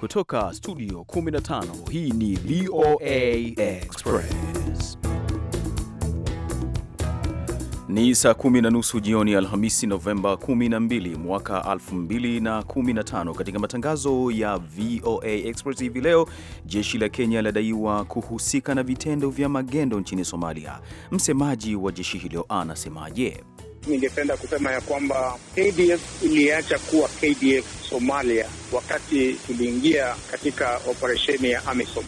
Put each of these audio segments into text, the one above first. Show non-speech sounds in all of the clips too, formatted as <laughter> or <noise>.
Kutoka studio 15 hii ni VOA Express. Ni saa kumi na nusu jioni Alhamisi, Novemba 12 mwaka 2015. Katika matangazo ya VOA Express hivi leo, jeshi la Kenya ladaiwa kuhusika na vitendo vya magendo nchini Somalia. Msemaji wa jeshi hilo anasemaje? Ningependa kusema ya kwamba KDF iliacha kuwa KDF Somalia wakati tuliingia katika operesheni ya AMISOM.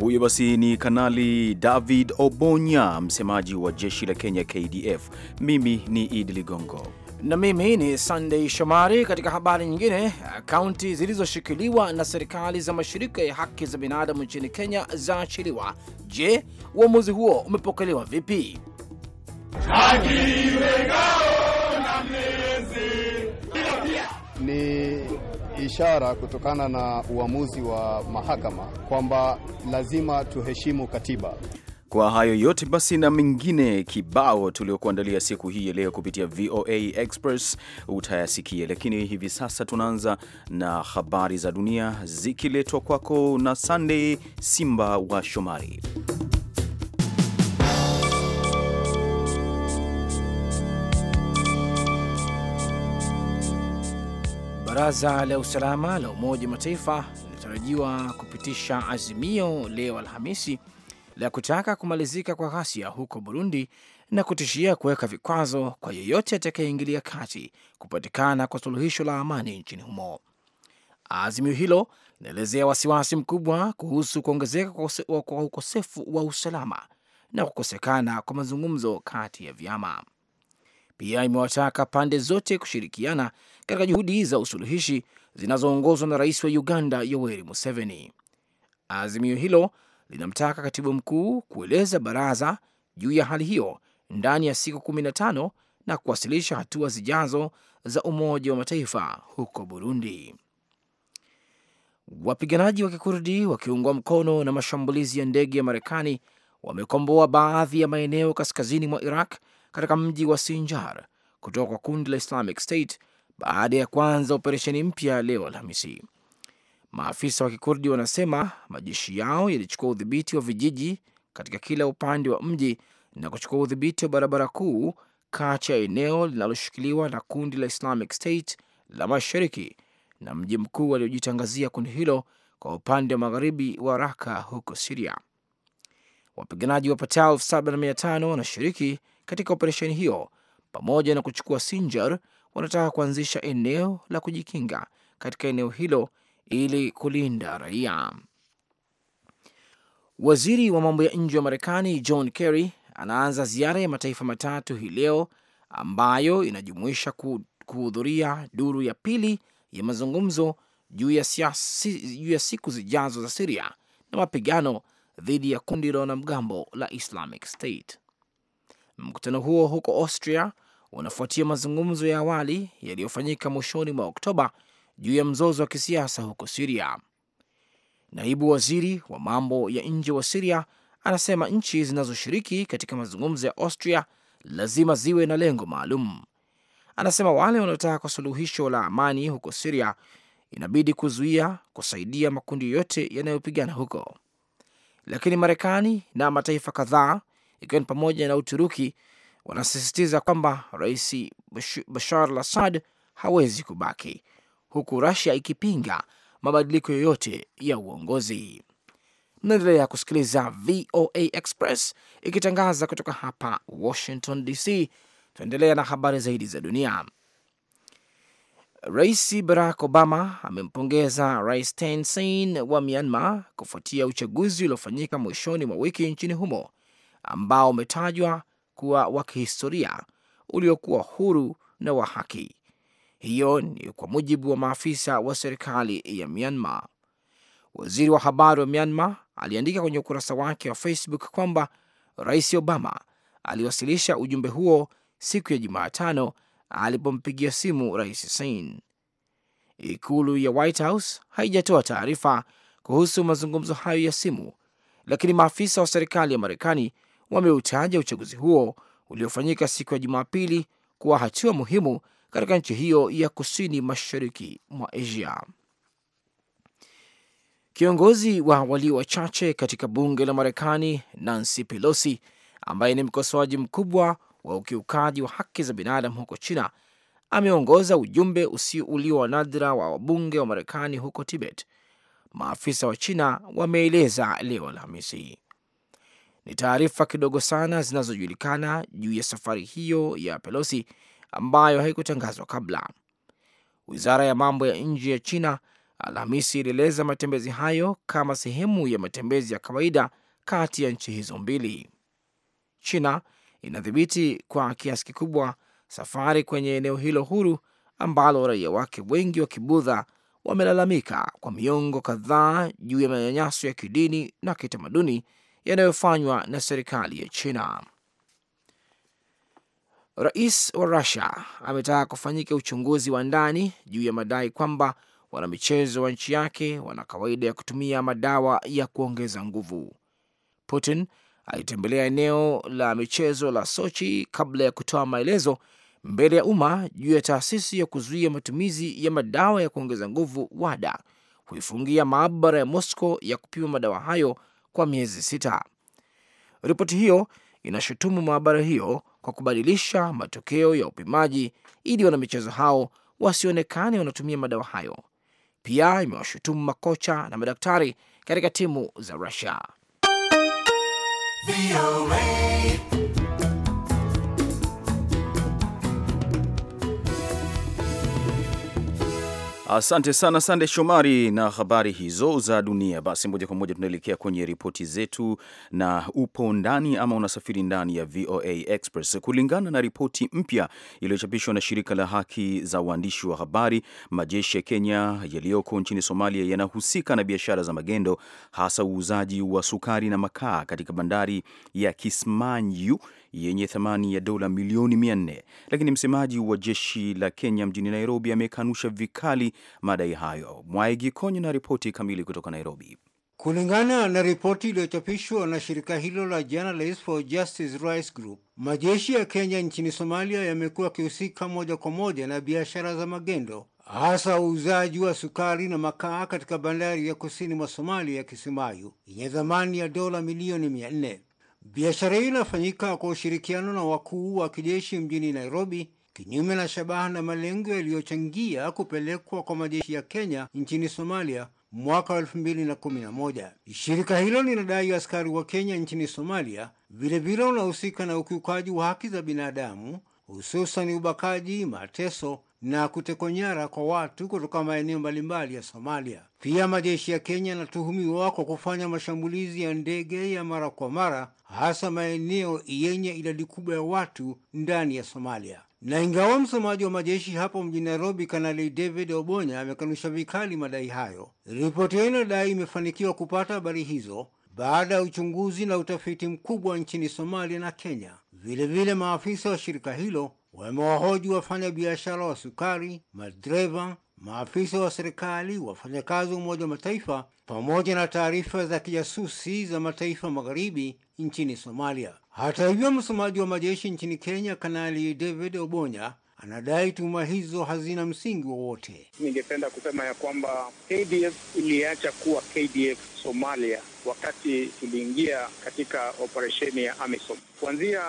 Huyo basi ni Kanali David Obonya, msemaji wa jeshi la Kenya KDF. Mimi ni Idi Ligongo na mimi ni Sunday Shomari. Katika habari nyingine, kaunti zilizoshikiliwa na serikali za mashirika ya haki za binadamu nchini Kenya zaachiliwa. Je, uamuzi huo umepokelewa vipi? Haki! ishara kutokana na uamuzi wa mahakama kwamba lazima tuheshimu katiba. Kwa hayo yote basi na mengine kibao tuliokuandalia siku hii ya leo kupitia VOA Express utayasikia, lakini hivi sasa tunaanza na habari za dunia zikiletwa kwako na Sunday Simba wa Shomari. Baraza la usalama la Umoja wa Mataifa linatarajiwa kupitisha azimio leo Alhamisi la kutaka kumalizika kwa ghasia huko Burundi na kutishia kuweka vikwazo kwa yeyote atakayeingilia kati kupatikana kwa suluhisho la amani nchini humo. Azimio hilo linaelezea wasiwasi mkubwa kuhusu kuongezeka kwa ukosefu wa usalama na kukosekana kwa mazungumzo kati ya vyama. Pia imewataka pande zote kushirikiana katika juhudi za usuluhishi zinazoongozwa na rais wa Uganda Yoweri Museveni. Azimio hilo linamtaka katibu mkuu kueleza baraza juu ya hali hiyo ndani ya siku 15 na kuwasilisha hatua zijazo za Umoja wa Mataifa huko Burundi. Wapiganaji wa Kikurdi wakiungwa mkono na mashambulizi ya ndege ya Marekani wamekomboa baadhi ya maeneo kaskazini mwa Iraq katika mji wa Sinjar kutoka kwa kundi la Islamic State baada ya kuanza operesheni mpya leo Alhamisi. Maafisa wa Kikurdi wanasema majeshi yao yalichukua udhibiti wa vijiji katika kila upande wa mji na kuchukua udhibiti wa barabara kuu kati ya eneo linaloshikiliwa na kundi la Islamic State la mashariki na mji mkuu waliojitangazia kundi hilo kwa upande wa magharibi wa Raka huko Siria. Wapiganaji wapatao elfu saba na mia tano wanashiriki katika operesheni hiyo, pamoja na kuchukua Sinjar, wanataka kuanzisha eneo la kujikinga katika eneo hilo ili kulinda raia. Waziri wa mambo ya nje wa Marekani John Kerry anaanza ziara ya mataifa matatu hii leo ambayo inajumuisha kuhudhuria duru ya pili ya mazungumzo juu ya, juu ya siku zijazo za Siria na mapigano dhidi ya kundi la wanamgambo la Islamic State. Mkutano huo huko Austria unafuatia mazungumzo ya awali yaliyofanyika mwishoni mwa Oktoba juu ya mzozo wa kisiasa huko Siria. Naibu waziri wa mambo ya nje wa Siria anasema nchi zinazoshiriki katika mazungumzo ya Austria lazima ziwe na lengo maalum. Anasema wale wanaotaka kwa suluhisho la amani huko Siria inabidi kuzuia kusaidia makundi yote yanayopigana huko, lakini Marekani na mataifa kadhaa ikiwa ni pamoja na Uturuki, wanasisitiza kwamba Rais Bashar al Assad hawezi kubaki, huku Rusia ikipinga mabadiliko yoyote ya uongozi. Mnaendelea kusikiliza VOA Express ikitangaza kutoka hapa Washington DC. Tunaendelea na habari zaidi za dunia. Rais Barack Obama amempongeza Rais Thein Sein wa Myanmar kufuatia uchaguzi uliofanyika mwishoni mwa wiki nchini humo ambao umetajwa kuwa wa kihistoria uliokuwa huru na wa haki. Hiyo ni kwa mujibu wa maafisa wa serikali ya Myanmar. Waziri wa habari wa Myanmar aliandika kwenye ukurasa wake wa Facebook kwamba Rais Obama aliwasilisha ujumbe huo siku ya Jumatano alipompigia simu Rais Sein. Ikulu ya White House haijatoa taarifa kuhusu mazungumzo hayo ya simu, lakini maafisa wa serikali ya Marekani wameutaja uchaguzi huo uliofanyika siku ya Jumapili kuwa hatua muhimu katika nchi hiyo ya kusini mashariki mwa Asia. Kiongozi wa walio wachache katika bunge la Marekani Nancy Pelosi, ambaye ni mkosoaji mkubwa wa ukiukaji wa haki za binadamu huko China, ameongoza ujumbe usio ulio wa nadra wa wabunge wa Marekani huko Tibet, maafisa wa China wameeleza leo Alhamisi. Ni taarifa kidogo sana zinazojulikana juu ya safari hiyo ya Pelosi ambayo haikutangazwa kabla. Wizara ya mambo ya nje ya China Alhamisi ilieleza matembezi hayo kama sehemu ya matembezi ya kawaida kati ya nchi hizo mbili. China inadhibiti kwa kiasi kikubwa safari kwenye eneo hilo huru ambalo raia wake wengi wa Kibudha wamelalamika kwa miongo kadhaa juu ya manyanyaso ya kidini na kitamaduni yanayofanywa na serikali ya China. Rais wa Rusia ametaka kufanyika uchunguzi wa ndani juu ya madai kwamba wanamichezo wa nchi yake wana kawaida ya kutumia madawa ya kuongeza nguvu. Putin alitembelea eneo la michezo la Sochi kabla ya kutoa maelezo mbele ya umma juu ya taasisi ya kuzuia matumizi ya madawa ya kuongeza nguvu WADA kuifungia maabara ya Moscow ya kupima madawa hayo kwa miezi sita. Ripoti hiyo inashutumu maabara hiyo kwa kubadilisha matokeo ya upimaji ili wanamichezo hao wasionekane wanatumia madawa hayo. Pia imewashutumu makocha na madaktari katika timu za Rusia. Asante sana Sande Shomari na habari hizo za dunia. Basi moja kwa moja tunaelekea kwenye ripoti zetu, na upo ndani ama unasafiri ndani ya VOA Express. Kulingana na ripoti mpya iliyochapishwa na shirika la haki za waandishi wa habari, majeshi ya Kenya yaliyoko nchini Somalia yanahusika na biashara za magendo, hasa uuzaji wa sukari na makaa katika bandari ya kismanyu yenye thamani ya dola milioni 400, lakini msemaji wa jeshi la Kenya mjini Nairobi amekanusha vikali madai hayo. Mwaigi Konyo na ripoti kamili kutoka Nairobi. Kulingana na ripoti iliyochapishwa na shirika hilo la Journalists for Justice Rights Group, majeshi ya Kenya nchini Somalia yamekuwa yakihusika moja kwa moja na biashara za magendo, hasa uuzaji wa sukari na makaa katika bandari ya kusini mwa Somalia ya Kisimayu yenye thamani ya dola milioni mia nne. Biashara hiyo inafanyika kwa ushirikiano na wakuu wa kijeshi mjini Nairobi, kinyume na shabaha na malengo yaliyochangia kupelekwa kwa majeshi ya Kenya nchini Somalia mwaka wa 2011. Shirika hilo linadai askari wa Kenya nchini Somalia vilevile wanahusika na ukiukaji wa haki za binadamu, hususan ubakaji, mateso na kutekonyara kwa watu kutoka maeneo mbalimbali ya Somalia. Pia majeshi ya Kenya yanatuhumiwa kwa kufanya mashambulizi ya ndege ya mara kwa mara, hasa maeneo yenye idadi kubwa ya watu ndani ya Somalia. Na ingawa msemaji wa majeshi hapo mjini Nairobi, Kanali David Obonya amekanusha vikali madai hayo, ripoti hiyo inadai imefanikiwa kupata habari hizo baada ya uchunguzi na utafiti mkubwa nchini Somalia na Kenya. Vilevile vile maafisa wa shirika hilo wamewahoji wafanya biashara wa sukari, madereva, maafisa wa serikali, wafanyakazi wa Umoja wa Mataifa pamoja na taarifa za kijasusi za mataifa magharibi nchini Somalia. Hata hivyo, msemaji wa majeshi nchini Kenya, Kanali David Obonya anadai tuhuma hizo hazina msingi wowote. Ningependa kusema ya kwamba KDF iliacha kuwa KDF Somalia wakati tuliingia katika operesheni ya AMISOM. Kuanzia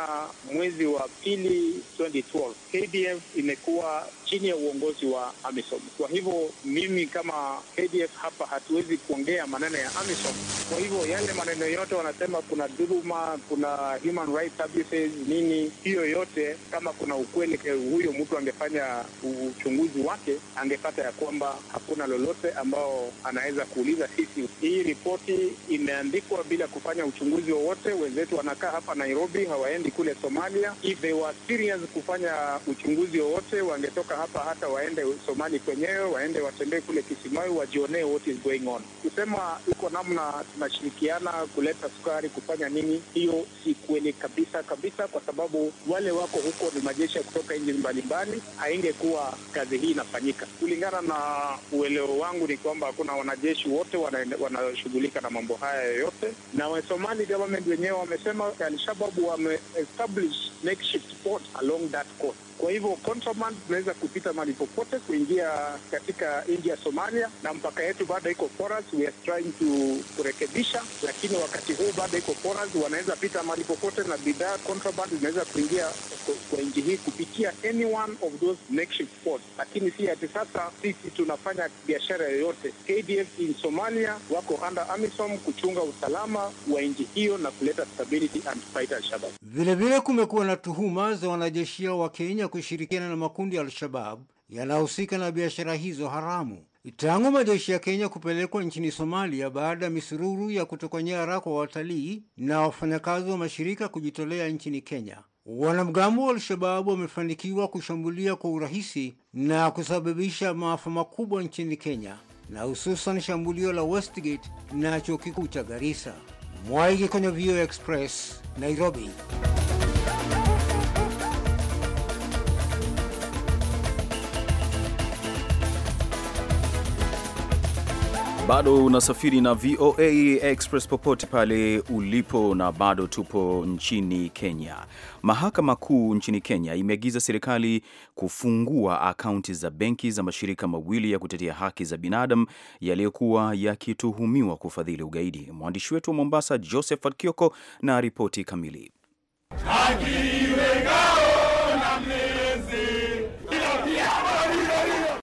mwezi wa pili 2012, KDF imekuwa chini ya uongozi wa AMISOM. Kwa hivyo mimi kama KDF hapa hatuwezi kuongea maneno ya AMISOM. Kwa hivyo yale maneno yote wanasema kuna dhuluma, kuna human rights abuses, nini hiyo yote, kama kuna ukweli, huyo mtu angefanya uchunguzi wake angepata ya kwamba hakuna lolote ambao anaweza kuuliza sisi. Hii ripoti ime imeandikwa bila kufanya uchunguzi wowote. Wenzetu wanakaa hapa Nairobi, hawaendi kule Somalia. If they were serious kufanya uchunguzi wowote, wangetoka hapa, hata waende Somali kwenyewe, waende watembee kule Kisimayo, wajionee what is going on. Kusema iko namna tunashirikiana kuleta sukari, kufanya nini, hiyo si kweli kabisa kabisa, kwa sababu wale wako huko ni majeshi ya kutoka nchi mbalimbali. Haingekuwa kazi hii inafanyika. Kulingana na uelewa wangu, ni kwamba hakuna wanajeshi wote wanashughulika wana na mambo haya wilaya yoyote, na Wasomali government wenyewe wamesema Alshababu wame establish makeshift port along that coast. Kwa hivyo contraband zinaweza kupita mahali popote kuingia katika nchi ya Somalia, na mpaka yetu bado iko porous, we are trying to kurekebisha, lakini wakati huu bado iko porous, wanaweza pita mahali popote na bidhaa contraband zinaweza kuingia kwa nchi hii kupitia any one of those makeshift ports, lakini si ati sasa sisi tunafanya biashara yoyote. KDF in Somalia wako under AMISOM kuchunga usalama wa nchi hiyo na kuleta stability and fight al-Shabaab. Vilevile kumekuwa na tuhuma za wanajeshia wa Kenya kushirikiana na makundi ya Al-Shabab yanahusika na biashara hizo haramu. Tangu majeshi ya Kenya kupelekwa nchini Somalia baada ya misururu ya kutekwa nyara kwa watalii na wafanyakazi wa mashirika kujitolea nchini Kenya, wanamgambo wa al shabab wamefanikiwa kushambulia kwa urahisi na kusababisha maafa makubwa nchini Kenya, na hususan shambulio la Westgate na chuo kikuu cha Garissa. Mwaige kwenye Vio Express, Nairobi. Bado unasafiri na VOA Express popote pale ulipo, na bado tupo nchini Kenya. Mahakama Kuu nchini Kenya imeagiza serikali kufungua akaunti za benki za mashirika mawili ya kutetea haki za binadamu yaliyokuwa yakituhumiwa kufadhili ugaidi. Mwandishi wetu wa Mombasa, Josephat Kioko, na ripoti kamili. Haki iwe ngao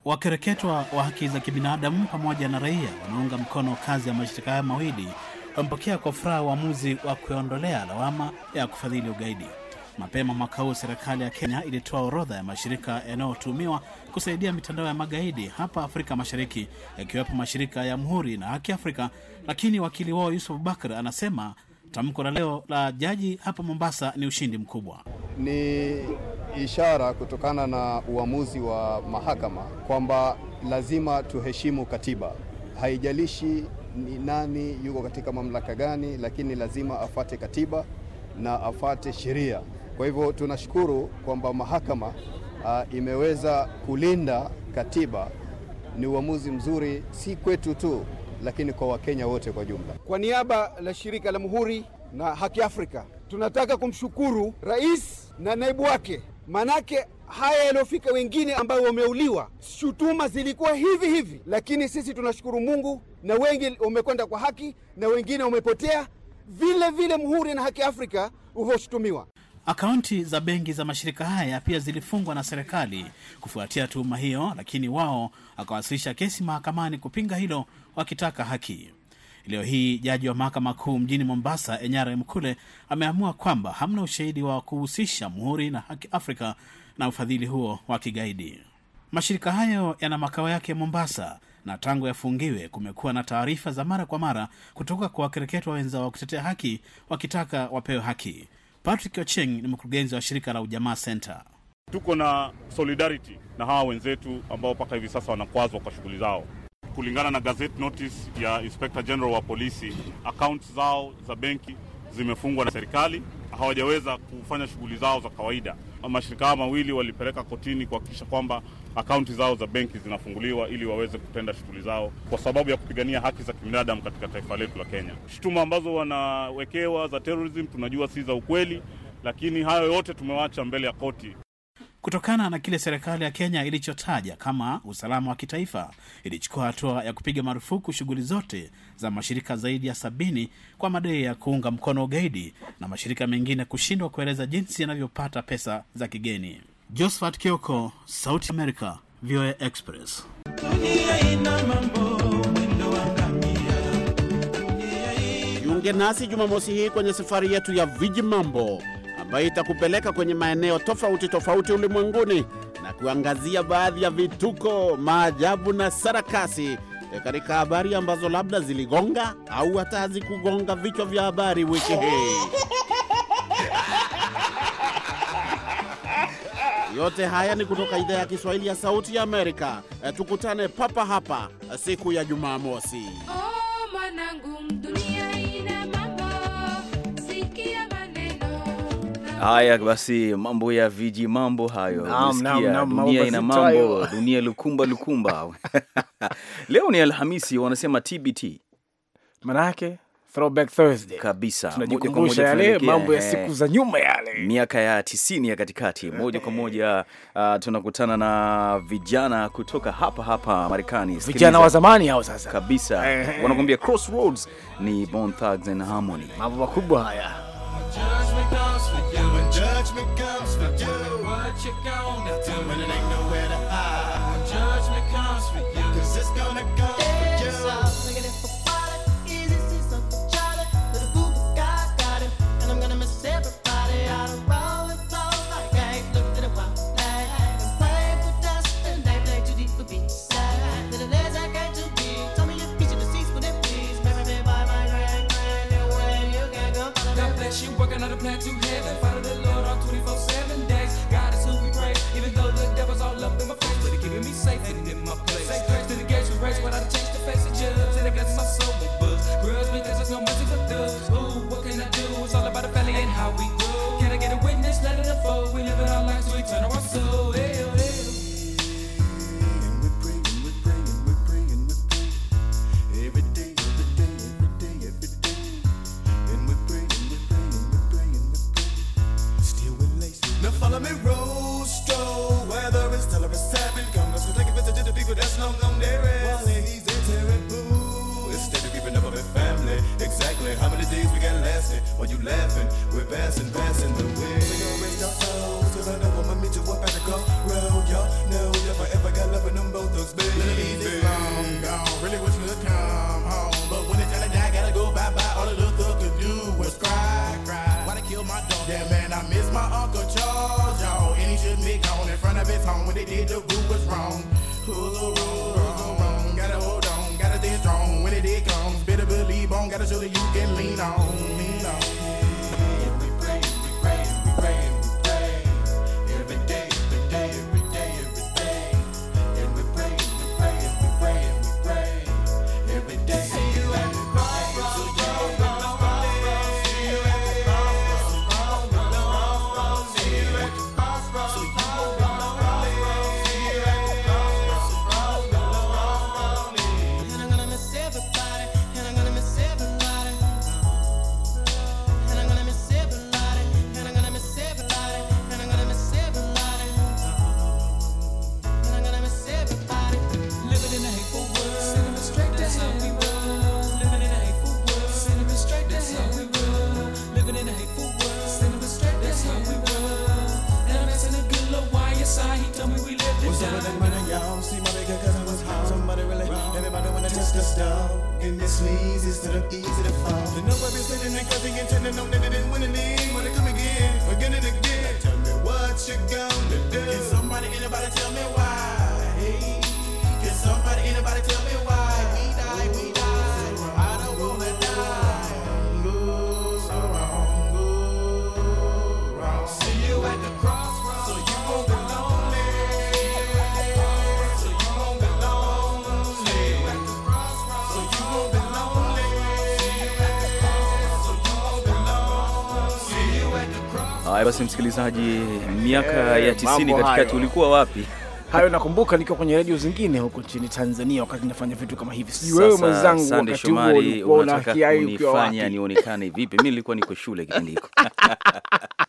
Wakereketwa wa haki za kibinadamu pamoja na raia wanaunga mkono kazi ya mashirika hayo mawili wamepokea kwa furaha uamuzi wa kuondolea lawama ya kufadhili ugaidi. Mapema mwaka huu serikali ya Kenya ilitoa orodha ya mashirika yanayotumiwa kusaidia mitandao ya magaidi hapa Afrika Mashariki, yakiwepo mashirika ya Mhuri na Haki Afrika, lakini wakili wao Yusuf Bakr anasema Tamko la leo la jaji hapa Mombasa ni ushindi mkubwa, ni ishara kutokana na uamuzi wa mahakama kwamba lazima tuheshimu katiba, haijalishi ni nani yuko katika mamlaka gani, lakini lazima afate katiba na afate sheria. Kwa hivyo tunashukuru kwamba mahakama uh, imeweza kulinda katiba. Ni uamuzi mzuri si kwetu tu, lakini kwa Wakenya wote kwa jumla. Kwa niaba la shirika la Muhuri na Haki Afrika tunataka kumshukuru rais na naibu wake, manake haya yaliyofika wengine ambao wameuliwa, shutuma zilikuwa hivi hivi, lakini sisi tunashukuru Mungu na wengi wamekwenda kwa haki na wengine wamepotea. Vile vile Muhuri na Haki Afrika ulivyoshutumiwa Akaunti za benki za mashirika haya pia zilifungwa na serikali kufuatia tuhuma hiyo, lakini wao akawasilisha kesi mahakamani kupinga hilo, wakitaka haki. Leo hii jaji wa mahakama kuu mjini Mombasa, Enyara Mkule, ameamua kwamba hamna ushahidi wa kuhusisha Muhuri na Haki Afrika na ufadhili huo wa kigaidi. Mashirika hayo yana makao yake Mombasa na tangu yafungiwe kumekuwa na taarifa za mara kwa mara kutoka kwa wakereketwa wenza wa kutetea haki wakitaka wapewe haki. Patrick Ocheng ni mkurugenzi wa shirika la Ujamaa Center. Tuko na solidarity na hawa wenzetu ambao mpaka hivi sasa wanakwazwa kwa shughuli zao. Kulingana na gazette notice ya Inspector General wa polisi, akaunt zao za benki zimefungwa na serikali, hawajaweza kufanya shughuli zao za kawaida mashirika hayo mawili walipeleka kotini kuhakikisha kwamba akaunti zao za benki zinafunguliwa ili waweze kutenda shughuli zao kwa sababu ya kupigania haki za kibinadamu katika taifa letu la Kenya. Shutuma ambazo wanawekewa za terrorism tunajua si za ukweli, lakini hayo yote tumewacha mbele ya koti. Kutokana na kile serikali ya Kenya ilichotaja kama usalama wa kitaifa, ilichukua hatua ya kupiga marufuku shughuli zote za mashirika zaidi ya sabini kwa madai ya kuunga mkono ugaidi na mashirika mengine kushindwa kueleza jinsi yanavyopata pesa za kigeni. Josephat Kioko, Sauti America, VOA Express. Jiunge nasi Jumamosi hii kwenye safari yetu ya viji mambo ambayo itakupeleka kwenye maeneo tofauti tofauti ulimwenguni na kuangazia baadhi ya vituko, maajabu na sarakasi eh, katika habari ambazo labda ziligonga au hata hazikugonga vichwa vya habari wiki hii. Yote haya ni kutoka idhaa ya Kiswahili ya Sauti ya Amerika. Eh, tukutane papa hapa eh, siku ya Jumamosi. Oh, Haya basi, mambo ya viji mambo hayo, dunia ina mambo, <laughs> dunia lukumba lukumba. <laughs> Leo ni Alhamisi, wanasema TBT, manake throwback Thursday kabisa, tunajikumbusha yale mambo ya eh. siku za nyuma, yale miaka ya tisini ya katikati. Moja kwa moja uh, tunakutana na vijana kutoka hapa hapa Marekani, vijana wa zamani hao sasa kabisa, eh. wanakuambia Crossroads ni Bone Thugs and Harmony. Mambo makubwa haya. judgment comes for you, what you gonna do? When it ain't nowhere to hide, judgment comes for you, cause it's gonna come. dog. And this leads is to easy to fall. The number been sitting and cutting and tending, no, that it ain't winning in. Wanna come again, again and again. Tell me what you gonna do. Can somebody, anybody tell me why? can somebody, anybody tell me Haya basi, msikilizaji, miaka eh, ya tisini katikati ulikuwa wapi? <laughs> Hayo nakumbuka nikiwa kwenye redio zingine huko nchini Tanzania wakati nafanya vitu kama hivi. Sijui wewe mwenzangu, Sande Shomari, unataka kunifanya nionekane vipi? Mimi nilikuwa niko shule kipindi hiko <laughs>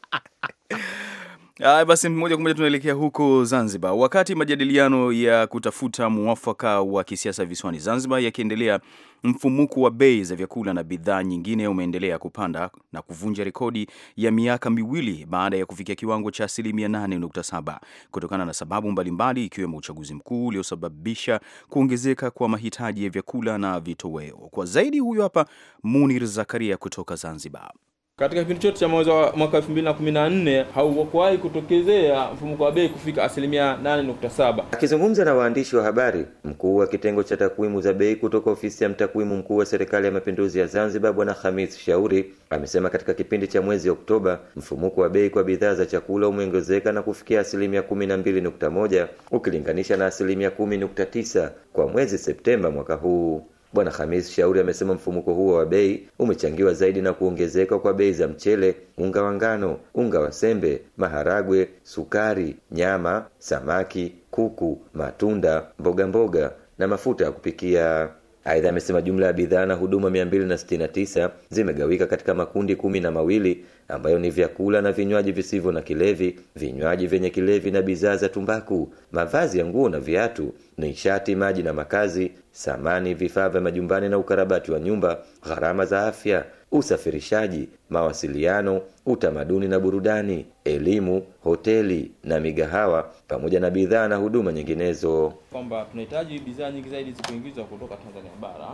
Haya basi, moja kwa moja tunaelekea huko Zanzibar. Wakati majadiliano ya kutafuta mwafaka wa kisiasa visiwani Zanzibar yakiendelea, mfumuko wa bei za vyakula na bidhaa nyingine umeendelea kupanda na kuvunja rekodi ya miaka miwili baada ya kufikia kiwango cha asilimia 8.7 kutokana na sababu mbalimbali ikiwemo uchaguzi mkuu uliosababisha kuongezeka kwa mahitaji ya vyakula na vitoweo. Kwa zaidi, huyu hapa Munir Zakaria kutoka Zanzibar. Katika kipindi chote cha mwaka 2014 haukuwahi kutokezea mfumuko wa bei kufika asilimia 8.7. Akizungumza na waandishi wa habari, mkuu wa kitengo cha takwimu za bei kutoka ofisi ya mtakwimu mkuu wa serikali ya mapinduzi ya Zanzibar, Bwana Hamis Shauri amesema katika kipindi cha mwezi Oktoba mfumuko wa bei kwa bidhaa za chakula umeongezeka na kufikia asilimia 12.1 ukilinganisha na asilimia 10.9 kwa mwezi Septemba mwaka huu. Bwana Hamis Shauri amesema mfumuko huo wa bei umechangiwa zaidi na kuongezeka kwa bei za mchele, unga wa ngano, unga wa sembe, maharagwe, sukari, nyama, samaki, kuku, matunda, mboga mboga na mafuta ya kupikia. Aidha, amesema jumla ya bidhaa na huduma 269 zimegawika katika makundi kumi na mawili ambayo ni vyakula na vinywaji visivyo na kilevi, vinywaji vyenye kilevi na bidhaa za tumbaku, mavazi ya nguo na viatu, nishati, maji na makazi, samani, vifaa vya majumbani na ukarabati wa nyumba, gharama za afya usafirishaji, mawasiliano, utamaduni na burudani, elimu, hoteli na migahawa, pamoja na bidhaa na huduma nyinginezo. Kwamba tunahitaji bidhaa nyingi zaidi zikuingizwa kutoka Tanzania bara.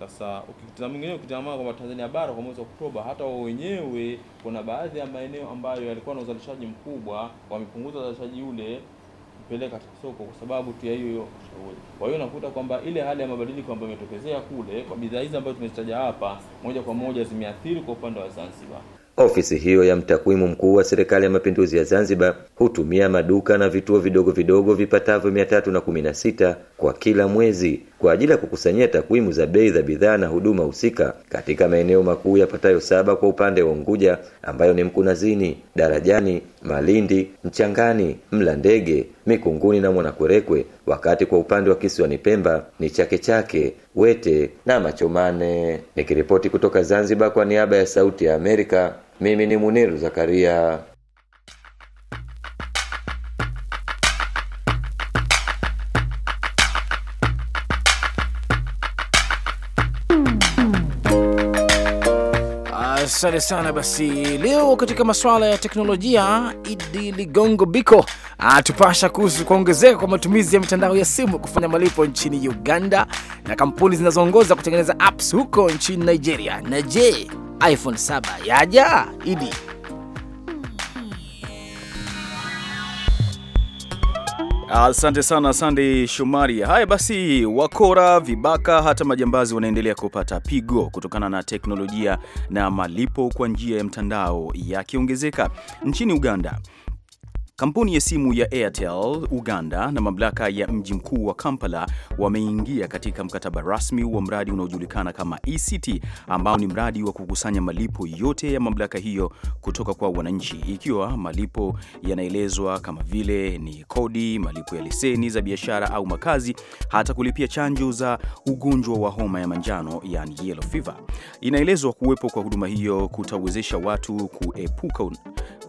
Sasa ukitazama mwingine kwamba Tanzania bara kwa mwezi wa Oktoba, hata wenyewe kuna baadhi ya maeneo ambayo yalikuwa na uzalishaji mkubwa wamepunguza uzalishaji ule kupeleka katika soko kwa sababu tu ya hiyo hiyo ushauri. Kwa hiyo unakuta kwamba ile hali ya mabadiliko ambayo imetokezea kule kwa bidhaa hizi ambazo tumezitaja hapa, moja kwa moja zimeathiri kwa upande wa Zanzibar. Ofisi hiyo ya mtakwimu mkuu wa Serikali ya Mapinduzi ya Zanzibar hutumia maduka na vituo vidogo vidogo vipatavyo sita kwa kila mwezi kwa ajili ya kukusanyia takwimu za bei za bidhaa na huduma husika katika maeneo makuu yapatayo saba kwa upande wa Unguja ambayo ni Mkunazini, Darajani, Malindi, Mchangani, mla ndege Mikunguni na Mwanakwerekwe, wakati kwa upande wa kisiwani Pemba ni Chake Chake, Wete na Machomane. Nikiripoti kutoka Zanzibar kwa niaba ya Sauti ya Amerika, mimi ni Muniru Zakaria. Asante sana. Basi leo katika masuala ya teknolojia, Idi Ligongo Biko atupasha kuhusu kuongezeka kwa matumizi ya mitandao ya simu kufanya malipo nchini Uganda na kampuni zinazoongoza kutengeneza apps huko nchini Nigeria. Na je, iPhone 7 yaja Idi? Asante sana Sandey Shumari. Haya basi, wakora, vibaka, hata majambazi wanaendelea kupata pigo kutokana na teknolojia na malipo kwa njia ya mtandao yakiongezeka nchini Uganda. Kampuni ya simu ya Airtel Uganda na mamlaka ya mji mkuu wa Kampala wameingia katika mkataba rasmi wa mradi unaojulikana kama eCity ambao ni mradi wa kukusanya malipo yote ya mamlaka hiyo kutoka kwa wananchi, ikiwa malipo yanaelezwa kama vile ni kodi, malipo ya leseni za biashara au makazi, hata kulipia chanjo za ugonjwa wa homa ya manjano, yani yellow fever. Inaelezwa kuwepo kwa huduma hiyo kutawezesha watu kuepuka,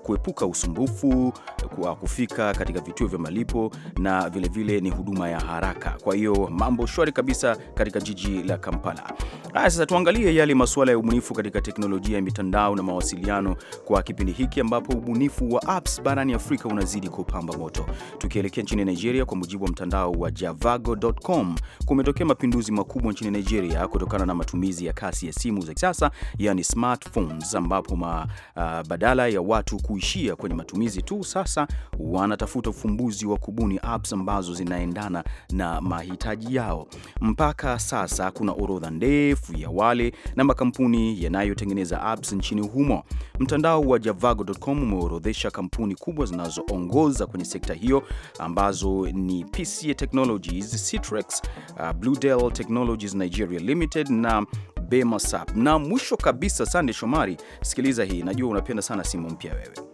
kuepuka usumbufu ku wa kufika katika vituo vya malipo na vilevile vile ni huduma ya haraka. Kwa hiyo mambo shwari kabisa katika jiji la Kampala. Haya, sasa tuangalie yale masuala ya ubunifu katika teknolojia ya mitandao na mawasiliano kwa kipindi hiki ambapo ubunifu wa apps barani Afrika unazidi kupamba moto. Tukielekea nchini Nigeria, kwa mujibu wa mtandao wa javago.com, kumetokea mapinduzi makubwa nchini Nigeria kutokana na matumizi ya kasi ya simu za kisasa, yani smartphones, ambapo ma, uh, badala ya watu kuishia kwenye matumizi tu, sasa wanatafuta ufumbuzi wa kubuni apps ambazo zinaendana na mahitaji yao. Mpaka sasa kuna orodha ndefu ya wale na makampuni yanayotengeneza apps nchini humo. Mtandao wa javago.com umeorodhesha kampuni kubwa zinazoongoza kwenye sekta hiyo ambazo ni PCA Technologies, Citrix, uh, Blue Dell Technologies Nigeria Limited na Bemasap. Na mwisho kabisa, Sande Shomari, sikiliza hii, najua unapenda sana simu mpya wewe.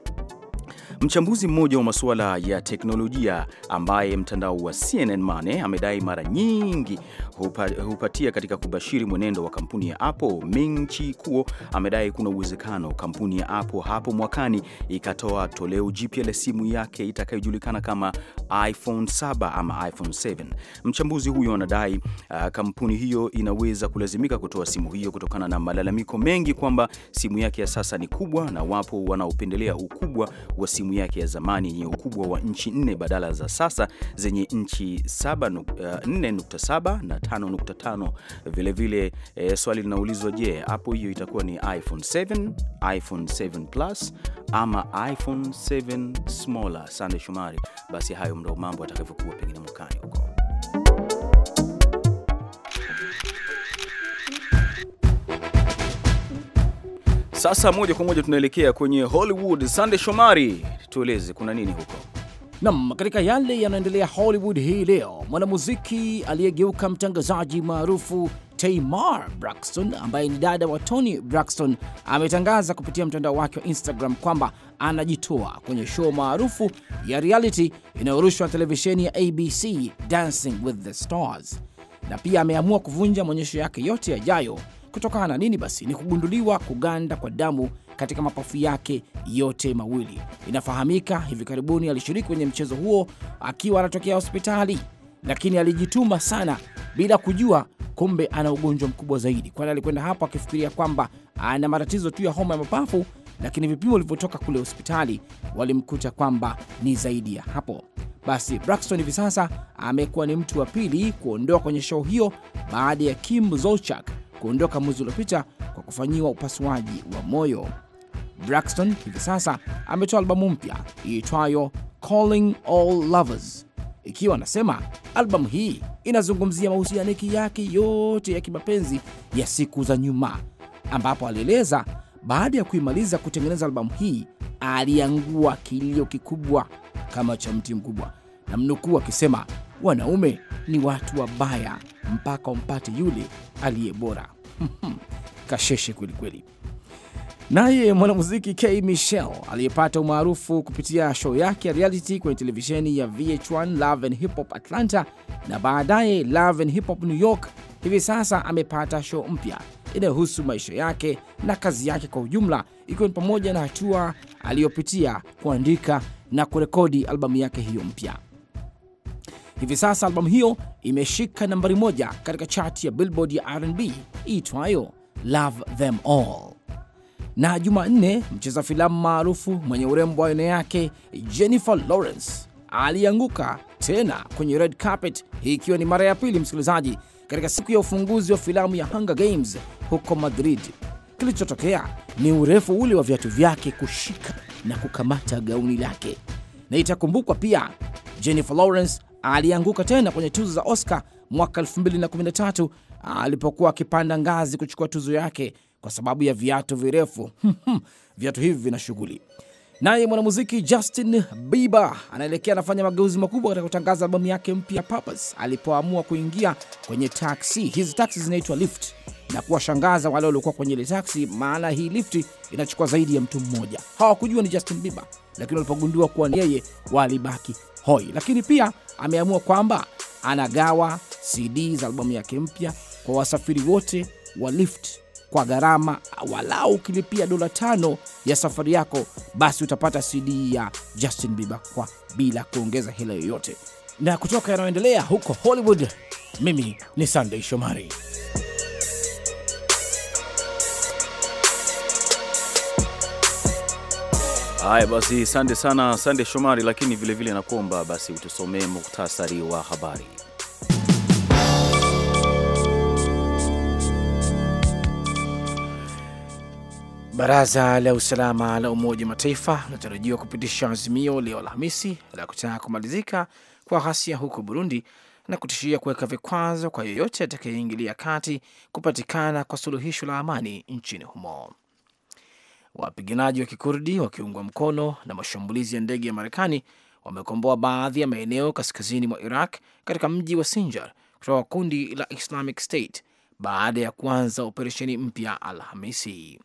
Mchambuzi mmoja wa masuala ya teknolojia ambaye mtandao wa CNN Money amedai mara nyingi hupa, hupa hatia katika kubashiri mwenendo wa kampuni ya Apple, Ming Chi Kuo amedai kuna uwezekano kampuni ya Apple hapo mwakani ikatoa toleo jipya la simu yake itakayojulikana kama iPhone 7 ama iPhone 7. Mchambuzi huyo anadai uh, kampuni hiyo inaweza kulazimika kutoa simu hiyo kutokana na malalamiko mengi kwamba simu yake ya sasa ni kubwa na wapo wanaopendelea ukubwa wa simu yake ya zamani yenye ukubwa wa nchi nne badala za sasa zenye nchi 4.7 uh, na 5.5 tano. Vilevile vile, e, swali linaulizwa, je, hapo hiyo itakuwa ni iPhone 7, iPhone 7 Plus ama iPhone 7 smaller? Sande Shumari, basi hayo ndo mambo atakavyokuwa pengine mkani huko. Sasa moja kwa moja tunaelekea kwenye Hollywood. Sande Shomari, tueleze kuna nini huko? Nam, katika yale yanaendelea Hollywood hii leo, mwanamuziki aliyegeuka mtangazaji maarufu Tamar Braxton ambaye ni dada wa Tony Braxton ametangaza kupitia mtandao wake wa Instagram kwamba anajitoa kwenye show maarufu ya reality inayorushwa na televisheni ya ABC Dancing with the Stars, na pia ameamua kuvunja maonyesho yake yote yajayo kutokana na nini? Basi ni kugunduliwa kuganda kwa damu katika mapafu yake yote mawili. Inafahamika hivi karibuni alishiriki kwenye mchezo huo akiwa anatokea hospitali, lakini alijituma sana bila kujua kumbe ana ugonjwa mkubwa zaidi, kwani alikwenda hapo akifikiria kwamba ana matatizo tu ya homa ya mapafu, lakini vipimo vilivyotoka kule hospitali walimkuta kwamba ni zaidi ya hapo. Basi Braxton hivi sasa amekuwa ni mtu wa pili kuondoa kwenye show hiyo baada ya Kim Zolchak kuondoka mwezi uliopita kwa kufanyiwa upasuaji wa moyo. Braxton hivi sasa ametoa albamu mpya iitwayo Calling All Lovers, ikiwa anasema albamu hii inazungumzia mahusiano yake yote ya kimapenzi ya siku za nyuma, ambapo alieleza baada ya kuimaliza kutengeneza albamu hii aliangua kilio kikubwa kama cha mti mkubwa, na mnukuu akisema wanaume ni watu wabaya mpaka umpate yule aliye bora. Mhm. Kasheshe kwelikweli. Naye mwanamuziki K Michel aliyepata umaarufu kupitia show yake ya reality kwenye televisheni ya VH1 Love and Hip Hop Atlanta na baadaye Love and Hip Hop New York, hivi sasa amepata show mpya inayohusu maisha yake na kazi yake kwa ujumla, ikiwa ni pamoja na hatua aliyopitia kuandika na kurekodi albamu yake hiyo mpya. Hivi sasa albamu hiyo imeshika nambari moja katika chati ya Billboard ya R&B iitwayo Love Them All. Na Jumanne, mcheza filamu maarufu mwenye urembo wa aina yake Jennifer Lawrence alianguka tena kwenye red carpet, hii ikiwa ni mara ya pili, msikilizaji, katika siku ya ufunguzi wa filamu ya Hunger Games huko Madrid. Kilichotokea ni urefu ule wa viatu vyake kushika na kukamata gauni lake, na itakumbukwa pia Jennifer Lawrence alianguka tena kwenye tuzo za Oscar mwaka 2013 alipokuwa akipanda ngazi kuchukua tuzo yake kwa sababu ya viatu virefu. <laughs> Viatu hivi vina shughuli. Naye mwanamuziki Justin Bieber anaelekea anafanya mageuzi makubwa katika kutangaza albamu yake mpya Purpose, alipoamua kuingia kwenye taksi. Hizi taksi zinaitwa Lyft na kuwashangaza wale waliokuwa kwenye ile taksi, maana hii lifti inachukua zaidi ya mtu mmoja. Hawakujua ni Justin Bieber, lakini walipogundua kuwa yeye walibaki hoi. Lakini pia ameamua kwamba anagawa CD za albamu yake mpya kwa wasafiri wote wa lift kwa gharama walau ukilipia dola tano ya safari yako, basi utapata CD ya Justin Bieber kwa bila kuongeza hela yoyote. Na kutoka yanayoendelea huko Hollywood, mimi ni Sunday Shomari. Haya basi, sande sana, sande Shomari, lakini vilevile nakuomba basi utusomee muktasari wa habari. Baraza la usalama la Umoja wa Mataifa linatarajiwa kupitisha azimio leo Alhamisi la kutaka kumalizika kwa ghasia huko Burundi na kutishia kuweka vikwazo kwa yoyote atakayeingilia kati kupatikana kwa suluhisho la amani nchini humo. Wapiganaji wa kikurdi wakiungwa mkono na mashambulizi ya ndege ya Marekani wamekomboa baadhi ya maeneo kaskazini mwa Iraq katika mji wa Sinjar kutoka kundi la Islamic State baada ya kuanza operesheni mpya Alhamisi.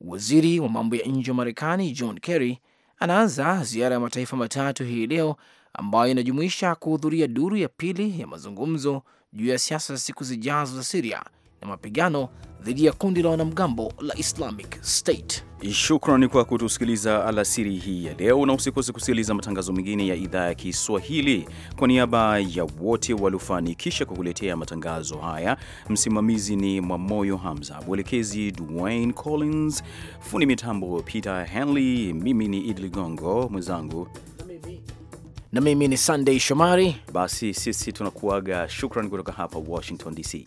Waziri wa mambo ya nje wa Marekani John Kerry anaanza ziara ya mataifa matatu hii leo ambayo inajumuisha kuhudhuria duru ya pili ya mazungumzo juu ya siasa za siku zijazo za Siria na mapigano dhidi ya kundi la wanamgambo la Islamic State. Shukrani kwa kutusikiliza alasiri hii ya leo, na usikose kusikiliza matangazo mengine ya idhaa ya Kiswahili. Kwa niaba ya wote waliofanikisha kukuletea matangazo haya, msimamizi ni Mwamoyo Hamza, mwelekezi Dwayne Collins, fundi mitambo Peter Henley, mimi ni Idi Ligongo mwenzangu na mimi ni Sunday Shomari. Basi sisi tunakuaga, shukran kutoka hapa Washington DC.